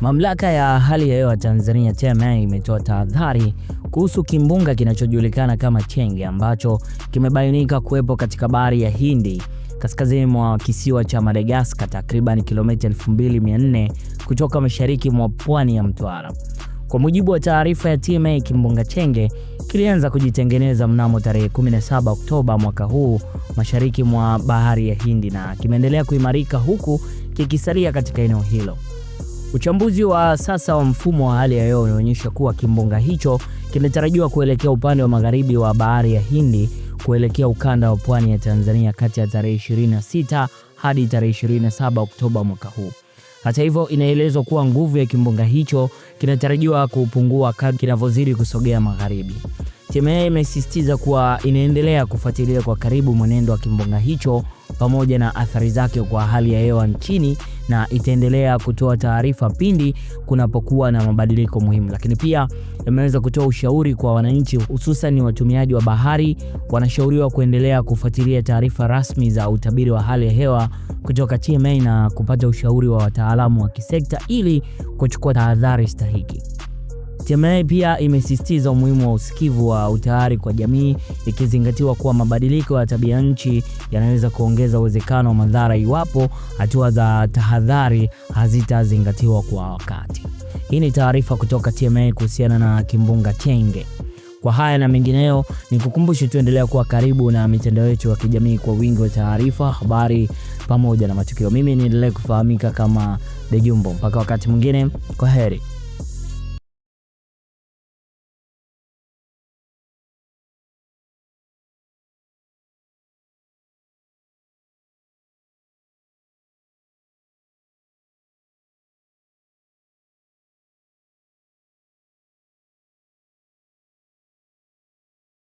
Mamlaka ya hali ya hewa Tanzania TMA imetoa tahadhari kuhusu kimbunga kinachojulikana kama Chenge ambacho kimebainika kuwepo katika bahari ya Hindi kaskazini mwa kisiwa cha Madagascar takriban kilomita 2400 kutoka mashariki mwa pwani ya Mtwara. Kwa mujibu wa taarifa ya TMA, kimbunga Chenge kilianza kujitengeneza mnamo tarehe 17 Oktoba mwaka huu mashariki mwa bahari ya Hindi na kimeendelea kuimarika huku kikisalia katika eneo hilo. Uchambuzi wa sasa wa mfumo wa hali ya hewa unaonyesha kuwa kimbunga hicho kinatarajiwa kuelekea upande wa magharibi wa bahari ya Hindi kuelekea ukanda wa pwani ya Tanzania kati ya tarehe 26 hadi tarehe 27 Oktoba mwaka huu. Hata hivyo, inaelezwa kuwa nguvu ya kimbunga hicho kinatarajiwa kupungua kadri kinavyozidi kusogea magharibi. TMA imesisitiza kuwa inaendelea kufuatilia kwa karibu mwenendo wa kimbunga hicho pamoja na athari zake kwa hali ya hewa nchini na itaendelea kutoa taarifa pindi kunapokuwa na mabadiliko muhimu. Lakini pia imeweza kutoa ushauri kwa wananchi, hususan watumiaji wa bahari, wanashauriwa kuendelea kufuatilia taarifa rasmi za utabiri wa hali ya hewa kutoka TMA na kupata ushauri wa wataalamu wa kisekta ili kuchukua tahadhari stahiki. TMA pia imesisitiza umuhimu wa usikivu wa utayari kwa jamii ikizingatiwa kuwa mabadiliko ya tabia nchi yanaweza kuongeza uwezekano wa madhara iwapo hatua za tahadhari hazitazingatiwa kwa wakati. Hii ni taarifa kutoka TMA kuhusiana na kimbunga Chenge. Kwa haya na mengineyo, ni kukumbushe tuendelea kuwa karibu na mitandao yetu ya kijamii kwa wingi wa taarifa, habari pamoja na matukio. Mimi niendelee kufahamika kama Dejumbo. Mpaka wakati mwingine, kwa heri.